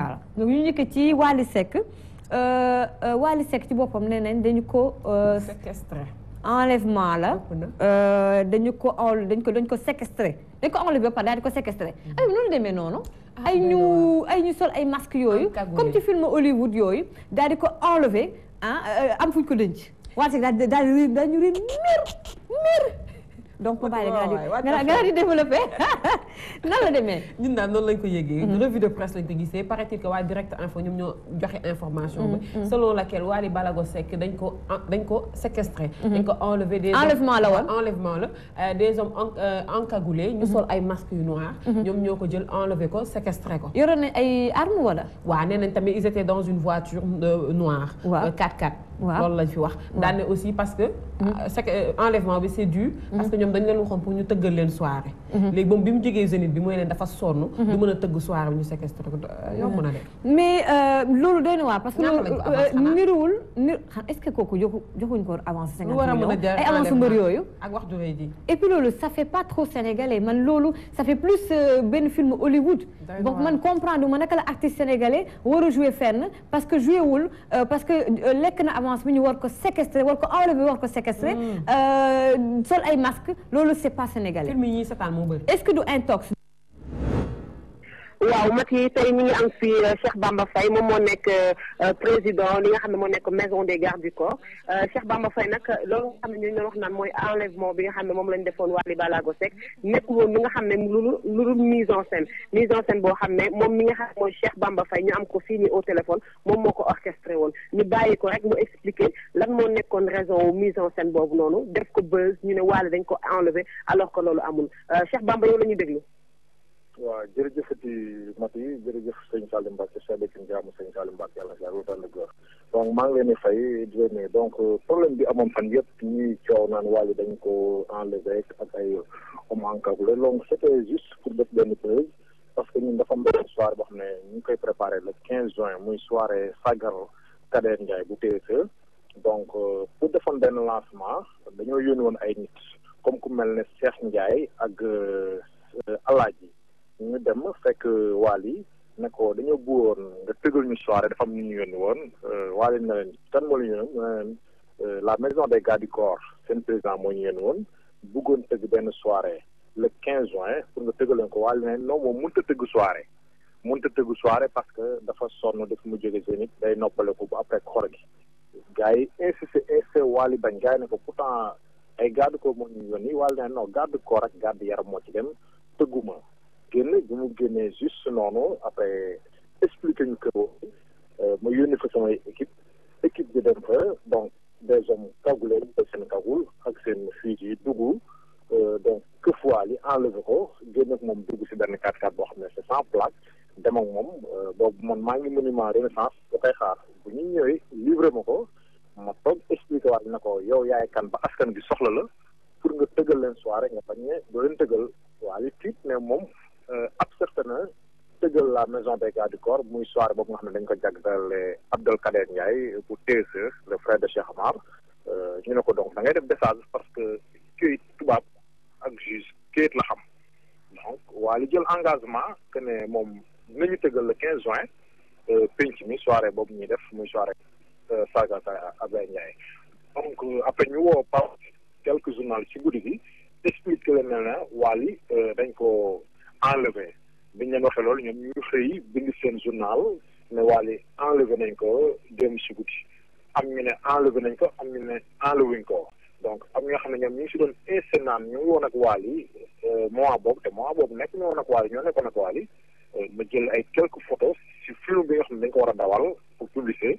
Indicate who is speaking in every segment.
Speaker 1: voilà ñoom ñu njëkkee ci Wally Seck euh, euh, Wally Seck ci boppam nee nañ dañu ko. Euh, séquestré. enlèvement la. dañu ko enl dañ ko dañ ko séquestré dañ ko enlevé ba pare daal di ko séquestré. Mm-hmm. ay noonu demee noonu. Ah, ay ñu ay ñu sol ay masques yooyu. comme ci film Hollywood yooyu. daal di ko enlevé ah am fuñ ko denc. Wally Seck daal di daal di daal di mer mer. donc ma bàyyi la nga daal di développé nan la démé
Speaker 2: ñun daal non lañ ko yëgee. Mhm. revue de presse lañ ko gisee paraît-il que wa direct info ñom ñoo joxé information. bi mhm, mhm. selon laquelle Wally Balago sec dañ ko dañ ko séquestré. dañ ko enlevé des. enlèvement la woon enlèvement la euh, des hommes euh, encagoulés ñu sol ay masque yu noirs. ñoom ñoo jël enlevé ko séquestré ko. yoroon né ay armes wala. wa né nañ tamit ils étaient dans une voiture euh, noire. 4x4 waaw je vois. fi wax aussi parce que mm-hmm. euh, euh, enlèvement c'est dû mm-hmm. parce que nous dañ leen waxoon pour ñu tëggal leen soirée mm-hmm. léegi moom bi mu jógee Zénith bi mooy leen dafa sonn du mën a tëgg soirée bi ñu séquestré ko yomb na de
Speaker 1: mais euh, loolu doy na parce que nous, niruwul est-ce que coco, joxu joxuñ ko avancé cinquante millions ay avance mbër yooyu ak wax ju rëy et puis loolu ça fait pas trop sénégalais man loolu ça fait plus ben film Hollywood donc man comprendre ma naka la artiste sénégalais war jouer fenn parce que jouer wul parce que lekk Casamance bi ñu war ko séquestrer war ko bi war ko séquestrer mm. euh sol ay masque loolu c'est pas sénégalais. film yi ñuy seetaan moo est-ce que du intox waaw Macky tey
Speaker 3: ñu ngi am fi euh, Cheikh Bamba Faye moom moo nekk euh, euh, président li nga xam ne moo nekk maison des gardes du corps Cheikh Bamba Faye nag loolu nga xam ne ñu wax naan mooy enlèvement bi nga xam ne moom lañ defoon Wali Balago Seck nekk woon lu nga xam ne lu lu mise en scène mise en scène boo xam ne moom mi nga xam ne mooy Cheikh Bamba Faye ñu am ko fii nii au téléphone moom moo ko orchestré woon ñu bàyyi ko rek mu expliquer lan moo nekkoon raison mise en scène boobu noonu def ko buzz ñu ne Wally dañ ko enlever alors que loolu amul Cheikh Bamba yow la ñu déglu
Speaker 4: waaw jërëjëfati Mati jërëjëf sëñ Salim Mbacke sa dëkk jaamu sëñ Salim Mbacke yàlla na yàlla na góor donc maa ngi leen di fay di leen ne donc problème bi amoon fan yëpp ñuy coow naan wàllu dañ ko enlever ak ay homme encagoulé donc c' était parce que ñun dafa am benn soirée xam ne ñu ngi koy préparé la 15 juin muy soirée sagar Kader Ndiaye bu TSE donc pour defoon benn lancement dañoo yónni woon ay nit comme ku mel ne Cheikh Ndiaye ak euh, ji ñu dem fekk Waly ne ko dañoo bëggoon nga tëgal ñu soirée dafa am ñu ñu yónni woon euh, Waly na leen tan moo la ñu yónni euh, la maison des gardes du corps seen président moo ñu yónni woon bëggoon tëgg benn soirée le 15 juin pour nga tëgal leen ko Waly ne non moom mënut a tëgg soirée mënut a tëgg parce que dafa sonn def mu jóge Zénith day noppale ko bu après xor gi gars yi insisté insisté Waly bañ gars yi ne ko pourtant ay garde corps moo ñu yónni Waly ne non garde corps ak moo ci dem tëgguma génn bi mu génnee juste noonu après expliqué ñu ko euh, ma yónni fa samay équipe équipe bi dem fa donc des hommes cagoulés seen cagoule ak seen fusil yi dugg euh, donc que fois li enlevé ko génn ak moom dugg si benn 4x4 boo xam ne c'est sans plaque dem ak moom euh, boobu man maa ngi monument renaissance ba koy xaar bu ñu ñëwee livré ma ko ma toog expliqué waat na ko yow yaay kan ba askan bi soxla la pour nga tëgal leen soirée nga bañ ne doo leen tëgal waa li tiit ne moom la maison des gardes du corps muy soir boobu nga xam ne dañ ko jagleel eh, Abdel Kader Ndiaye bu deux le frère de Cheikh Amar euh, ñu ne ko donc da ngay def message parce que këyit tubaab ak juge keet la xam donc waa li jël engagement que ne mom nañu tëggal le 15 juin euh, penc mi soirée bobu ñuy def muy soirée euh, sargal Ablaye Ndiaye donc après ñu woo par quelques journalistes ci goudi bi explique le ne na waa li dañ ko enlever biñ leen waxee loolu ñoom ñu xëy bind seen journal ne Wally enlevé nañ ko dem si guddi am ñu ne enlevé nañ ko am ñu ne enlevé wuñ ko donc am ñoo xam ne ñoom ñu ngi si doon insé naan ñu woon ak Wally euh, moment boobu te moment boobu nekk ñu woon ak Wally ñoo nekkoon ak Wally euh, ma jël ay quelques photos si film bi nga xam ne dañ ko war a dawal pour publier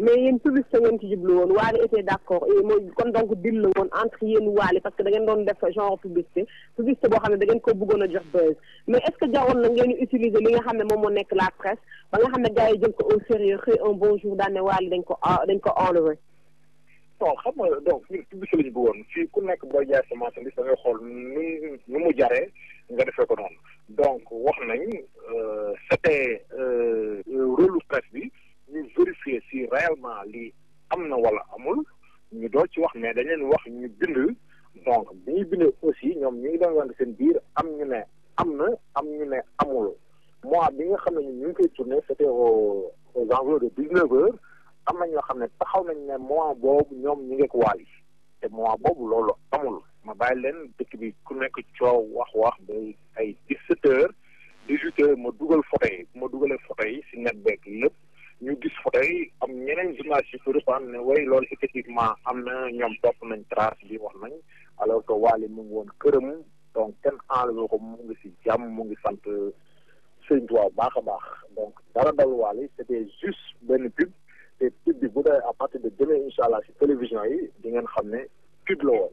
Speaker 3: mais yéen touriste ngeen ci jublu woon Wally était d' accord et mooy kon donc dil la woon entre yéen Wally parce que da doon def genre publicité publicité boo xam ne da ngeen ko bëggoon a jox buzz mais est que jaroon na ngeen utiliser li nga xam ne moom moo nekk la presse ba nga xam ne gars jël ko au sérieux xëy un bon jour daal dañ ko ah, dañ ko enlevé
Speaker 4: xam nga donc ñun publicité la ñu bëggoon fii ku nekk booy jaay sa marchandise da ngay xool nu nu mu jaree euh, euh, bi ñu vérifier si réellement lii am na wala amul ñu dool ci wax mais dañ leen wax ñu bind donc bi ñuy bindee aussi ñoom ñu ngi doon wante seen biir am ñu ne am na am ñu ne amul mois bi nga xam ne ñu koy tourné c'était aux environs de dix-neuf heures am na ñoo xam ne taxaw nañ ne mois boobu ñoom ñu ngi ko waal yi te mois boobu loolu amul ma bàyyi leen dëkk bi ku nekk coow wax wax ba ay dix événement am na ñoom topp nañ trace bi wax nañ alors que Wally mu ngi woon këram donc kenn enlevé ko mu ngi si jàmm mu ngi sant sëñ Tuubaa baax a baax donc dara dal Wally c'était juste benn pub te pub bi bu dee à partir de demain incha allah si télévision yi di ngeen xam ne pub la woon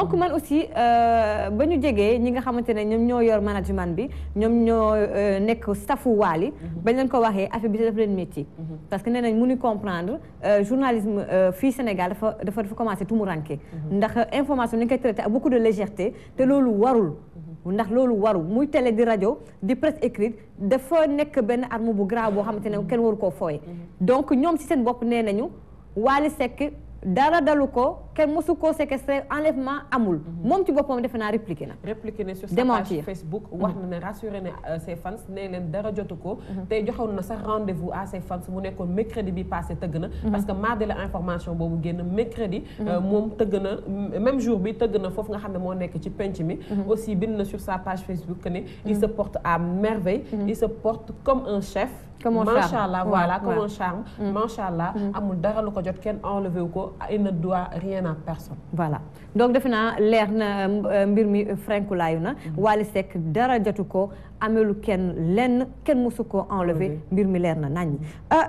Speaker 1: donc man aussi euh bañu jegee ñi nga xamante ñom ñoo yor management bi ñom ñoo euh, nek staffu wali mhm. bañ leen ko waxé affaire bi daf leen métier mhm. parce que nénañ nañ mënuñ comprendre euh, journalisme euh, fi Sénégal dafa dafa dafa commencé tumuranke mhm. ndax information ni ñu koy traité à beaucoup de légèreté té lolu warul ndax lolu waru muy télé di radio di presse écrite dafa nek ben arme bu grave bo xamante ne kenn waru koo fooye donc ñom ci seen bopp nénañu wali sék dara daluko kenn mosu que séquestré enlèvement amul. Mhm. moom ci boppam defe naa répliqué na.
Speaker 2: répliqué na sur sa page Facebook. Mhm. wax na rassurer euh, ses fans né leen dara jotu ko. Mhm. tey joxoon na rendez-vous à ses fans mu nekkoon mercredi bi passé tëgg parce que mardi la information boobu génn mercredi. Euh, moom tëgg na même jour bi tëgg na foofu nga xam ne moo nekk ci penc mi. aussi binne sur sa page Facebook que il se porte à merveille. il se porte comme un chef. comme un charme voilà comme un charme. macha allah amul dara lu ko jot kenn enlevé
Speaker 1: au ko il ne doit rien personne. voilà donc de lern leer na euh, mbir mi mhm. dara jotu ko amelu Ken lenn enlevé Birmi enlever